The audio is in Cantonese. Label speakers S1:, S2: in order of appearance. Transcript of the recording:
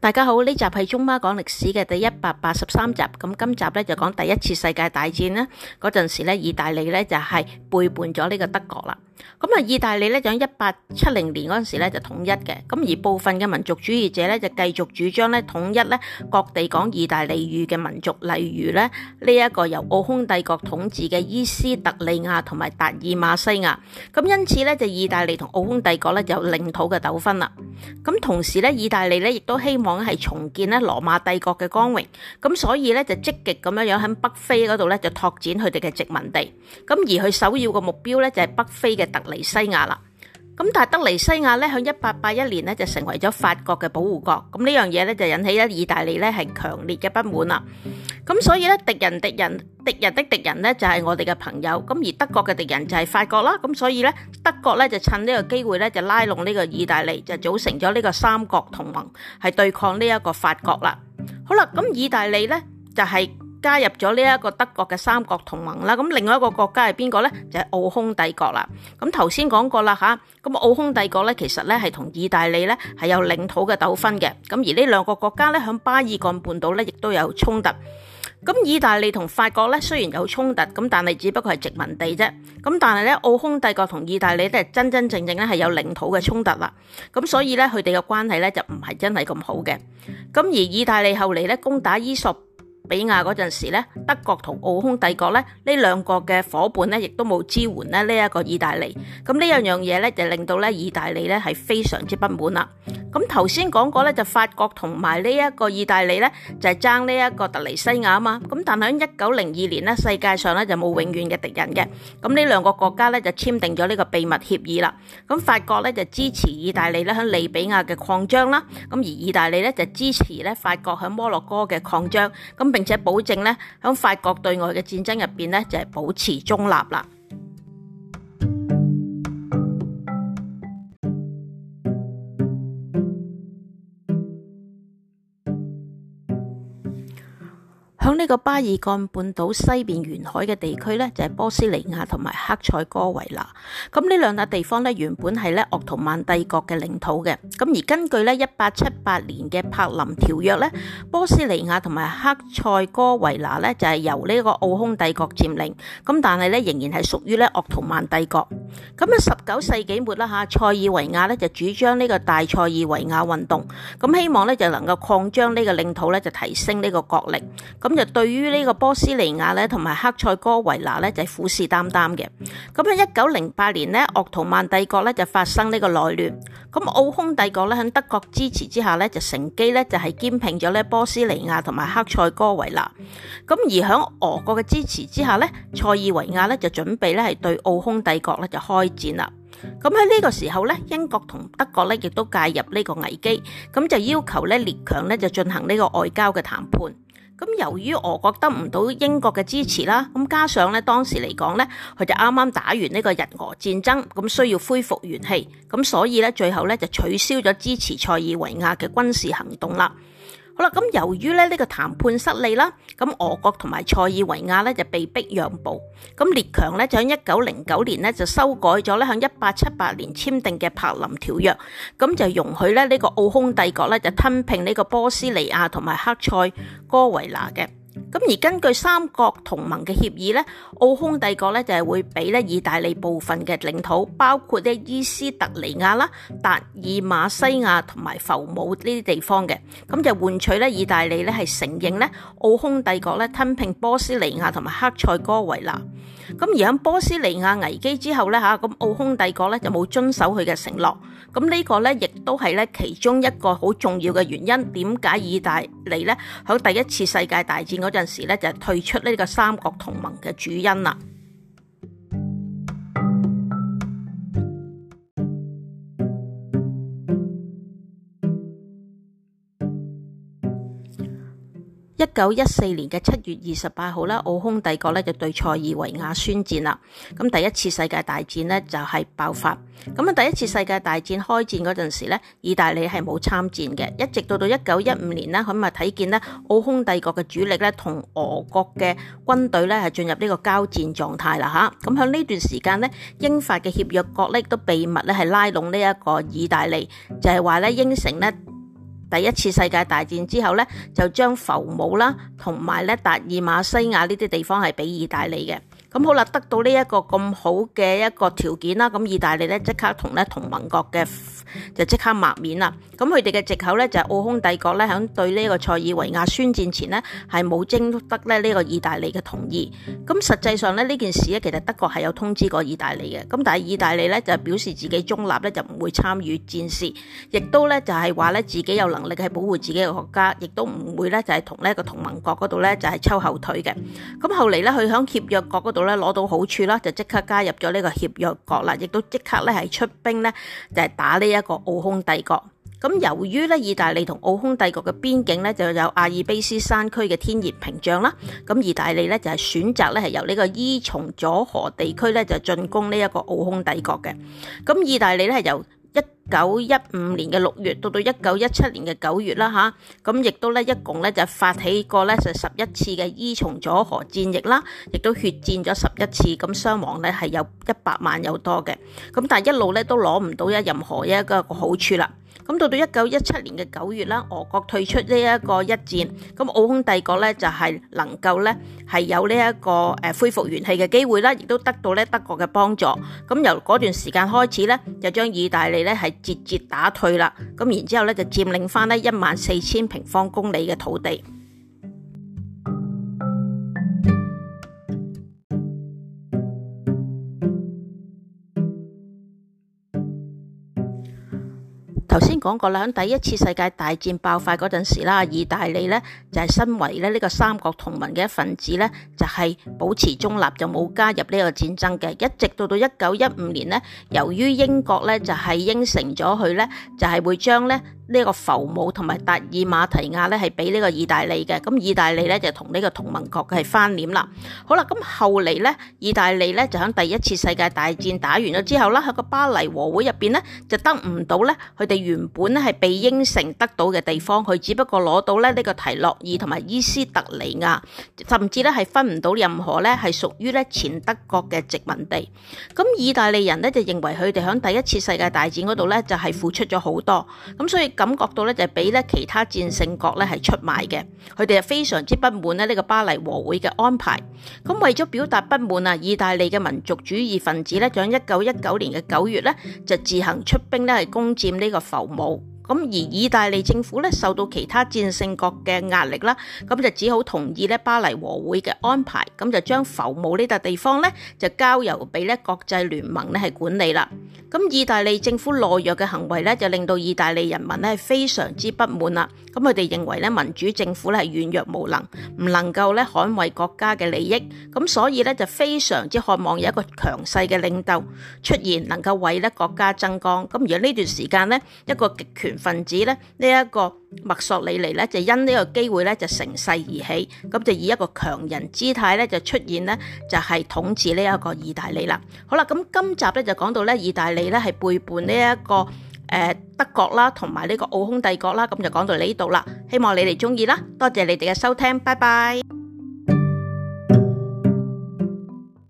S1: 大家好，呢集係中馬講歷史嘅第一百八十三集，咁今集咧就講第一次世界大戰啦，嗰陣時咧意大利咧就係、是、背叛咗呢個德國啦。咁啊，意大利咧喺一八七零年嗰陣時咧就統一嘅，咁而部分嘅民族主義者咧就繼續主張咧統一咧各地講意大利語嘅民族，例如咧呢一個由奧匈帝國統治嘅伊斯特利亞同埋達爾馬西亞，咁因此咧就意大利同奧匈帝國咧有領土嘅糾紛啦。咁同時咧，意大利咧亦都希望係重建咧羅馬帝國嘅光榮，咁所以咧就積極咁樣樣喺北非嗰度咧就拓展佢哋嘅殖民地，咁而佢首要嘅目標咧就係北非嘅。突尼西亞啦，咁但係突尼西亞咧，喺一八八一年咧就成為咗法國嘅保護國，咁呢樣嘢咧就引起咗意大利咧係強烈嘅不滿啦，咁所以咧敵人敵人敵人的敵人咧就係、是、我哋嘅朋友，咁而德國嘅敵人就係法國啦，咁所以咧德國咧就趁呢個機會咧就拉攏呢個意大利，就組成咗呢個三國同盟，係對抗呢一個法國啦，好啦，咁意大利咧就係、是。加入咗呢一個德國嘅三國同盟啦，咁另外一個國家係邊個呢？就係奧匈帝國啦。咁頭先講過啦嚇，咁奧匈帝國咧其實咧係同意大利咧係有領土嘅糾紛嘅。咁而呢兩個國家咧喺巴爾幹半島咧亦都有衝突。咁意大利同法國咧雖然有衝突，咁但係只不過係殖民地啫。咁但係咧奧匈帝國同意大利都係真真正正咧係有領土嘅衝突啦。咁所以咧佢哋嘅關係咧就唔係真係咁好嘅。咁而意大利後嚟咧攻打伊索。比亞嗰陣時咧，德國同奧匈帝國咧呢兩國嘅伙伴咧，亦都冇支援咧呢一個意大利。咁呢樣樣嘢咧就令到咧意大利咧係非常之不滿啦。咁頭先講過咧，就法國同埋呢一個意大利咧就係爭呢一個突尼西亞啊嘛。咁但喺一九零二年咧，世界上咧就冇永遠嘅敵人嘅。咁呢兩個國家咧就簽訂咗呢個秘密協議啦。咁法國咧就支持意大利咧喺利比亞嘅擴張啦。咁而意大利咧就支持咧法國喺摩洛哥嘅擴張。咁並且保證咧，響法國對外嘅戰爭入邊咧，就係保持中立啦。咁呢個巴爾幹半島西邊沿海嘅地區呢，就係、是、波斯尼亞同埋黑塞哥維拿。咁呢兩笪地方呢，原本係咧鄂圖曼帝國嘅領土嘅。咁而根據呢一八七八年嘅柏林條約呢，波斯尼亞同埋黑塞哥維拿呢，就係由呢個奧匈帝國佔領。咁但係呢，仍然係屬於咧鄂圖曼帝國。咁喺十九世紀末啦嚇，塞爾維亞呢，就主張呢個大塞爾維亞運動，咁希望呢，就能夠擴張呢個領土呢，就提升呢個國力。咁就對於呢個波斯尼亞咧，同埋黑塞哥維納咧，就係虎視眈眈嘅。咁喺一九零八年咧，鄂圖曼帝國咧就發生呢個內亂。咁奧匈帝國咧喺德國支持之下咧，就乘機咧就係兼併咗咧波斯尼亞同埋黑塞哥維納。咁而喺俄國嘅支持之下咧，塞爾維亞咧就準備咧係對奧匈帝國咧就開戰啦。咁喺呢個時候咧，英國同德國咧亦都介入呢個危機，咁就要求咧列強咧就進行呢個外交嘅談判。咁由於俄國得唔到英國嘅支持啦，咁加上咧當時嚟講咧，佢就啱啱打完呢個日俄戰爭，咁需要恢復元氣，咁所以咧最後咧就取消咗支持塞爾維亞嘅軍事行動啦。好啦，咁由於咧呢個談判失利啦，咁俄國同埋塞爾維亞咧就被逼讓步，咁列強咧就喺一九零九年咧就修改咗咧喺一八七八年簽訂嘅柏林條約，咁就容許咧呢個奧匈帝國咧就吞併呢個波斯尼亞同埋黑塞哥維那嘅。咁而根據三國同盟嘅協議咧，奧匈帝國咧就係會俾咧意大利部分嘅領土，包括咧伊斯特尼亞啦、達爾馬西亞同埋浮武呢啲地方嘅，咁就換取咧意大利咧係承認咧奧匈帝國咧吞併波斯尼亞同埋黑塞哥維納。咁而喺波斯尼亞危機之後咧，吓咁奧匈帝國咧就冇遵守佢嘅承諾，咁呢個咧亦都係咧其中一個好重要嘅原因，點解意大利咧喺第一次世界大戰嗰陣時咧就係退出呢個三國同盟嘅主因啦？一九一四年嘅七月二十八號啦，奧匈帝國咧就對塞爾維亞宣戰啦，咁第一次世界大戰呢就係爆發。咁啊，第一次世界大戰開戰嗰陣時呢，意大利係冇參戰嘅，一直直到到一九一五年呢，咁啊睇見呢奧匈帝國嘅主力咧同俄國嘅軍隊咧係進入呢個交戰狀態啦吓。咁喺呢段時間呢，英法嘅協約國咧都秘密咧係拉攏呢一個意大利，就係話咧應承咧。第一次世界大戰之後咧，就將阜姆啦，同埋咧達爾馬西亞呢啲地方係俾意大利嘅。咁好啦，得到呢一個咁好嘅一個條件啦，咁意大利咧即刻同咧同盟國嘅就即刻抹面啦。咁佢哋嘅藉口咧就係奧匈帝國咧喺對呢個塞爾維亞宣戰前呢，係冇徵得咧呢個意大利嘅同意。咁實際上咧呢件事咧其實德國係有通知過意大利嘅。咁但係意大利咧就表示自己中立咧就唔會參與戰事，亦都咧就係話咧自己有能力係保護自己嘅國家，亦都唔會咧就係同呢個同盟國嗰度咧就係抽後腿嘅。咁後嚟咧佢喺協約國嗰度。攞到好處啦，就即刻加入咗呢個協約國啦，亦都即刻咧係出兵咧，就係打呢一個奧匈帝國。咁由於咧，意大利同奧匈帝國嘅邊境咧就有阿爾卑斯山區嘅天然屏障啦，咁意大利咧就係選擇咧係由呢個伊松佐河地區咧就進攻呢一個奧匈帝國嘅。咁意大利咧由一九一五年嘅六月到到一九一七年嘅九月啦，吓咁亦都咧一共咧就發起過咧就十一次嘅伊松佐河戰役啦，亦都血戰咗十一次，咁傷亡咧係有一百萬有多嘅，咁但係一路咧都攞唔到一任何一個個好處啦。咁到到一九一七年嘅九月啦，俄國退出呢一個一戰，咁奧匈帝國咧就係能夠咧係有呢一個誒恢復元氣嘅機會啦，亦都得到咧德國嘅幫助。咁由嗰段時間開始咧，就將意大利咧係節節打退啦。咁然之後咧就佔領翻呢一萬四千平方公里嘅土地。頭先講過啦，喺第一次世界大戰爆發嗰陣時啦，意大利呢就係、是、身為呢個三國同盟嘅一份子呢，就係、是、保持中立，就冇加入呢個戰爭嘅。一直，直到到一九一五年呢，由於英國呢就係應承咗佢呢，就係、是就是、會將呢。呢個浮母同埋達爾馬提亞咧係俾呢個意大利嘅，咁意大利咧就同呢個同盟國係翻臉啦。好啦，咁後嚟咧，意大利咧就喺第一次世界大戰打完咗之後啦，喺個巴黎和會入邊咧，就得唔到咧佢哋原本咧係被應承得到嘅地方，佢只不過攞到咧呢個提洛爾同埋伊斯特里亞，甚至咧係分唔到任何咧係屬於咧前德國嘅殖民地。咁意大利人咧就認為佢哋喺第一次世界大戰嗰度咧就係付出咗好多，咁所以，感覺到咧就俾咧其他戰勝國咧係出賣嘅，佢哋就非常之不滿咧呢個巴黎和會嘅安排。咁為咗表達不滿啊，意大利嘅民族主義分子咧就喺一九一九年嘅九月咧就自行出兵咧係攻佔呢個阜姆。咁而意大利政府咧受到其他戰勝國嘅壓力啦，咁就只好同意咧巴黎和會嘅安排，咁就將阜姆呢笪地方咧就交由俾咧國際聯盟咧係管理啦。咁意大利政府懦弱嘅行為咧就令到意大利人民咧係非常之不滿啦。咁佢哋認為咧民主政府咧係軟弱無能，唔能夠咧捍衛國家嘅利益，咁所以咧就非常之渴望有一個強勢嘅領導出現，能夠為咧國家爭光。咁而喺呢段時間咧一個極權。分子咧，呢一個墨索里尼咧就因呢個機會咧就乘勢而起，咁就以一個強人姿態咧就出現咧，就係統治呢一個意大利啦。好啦，咁今集咧就講到咧意大利咧係背叛呢一個誒德國啦，同埋呢個奧匈帝國啦，咁就講到呢度啦。希望你哋中意啦，多謝你哋嘅收聽，拜拜。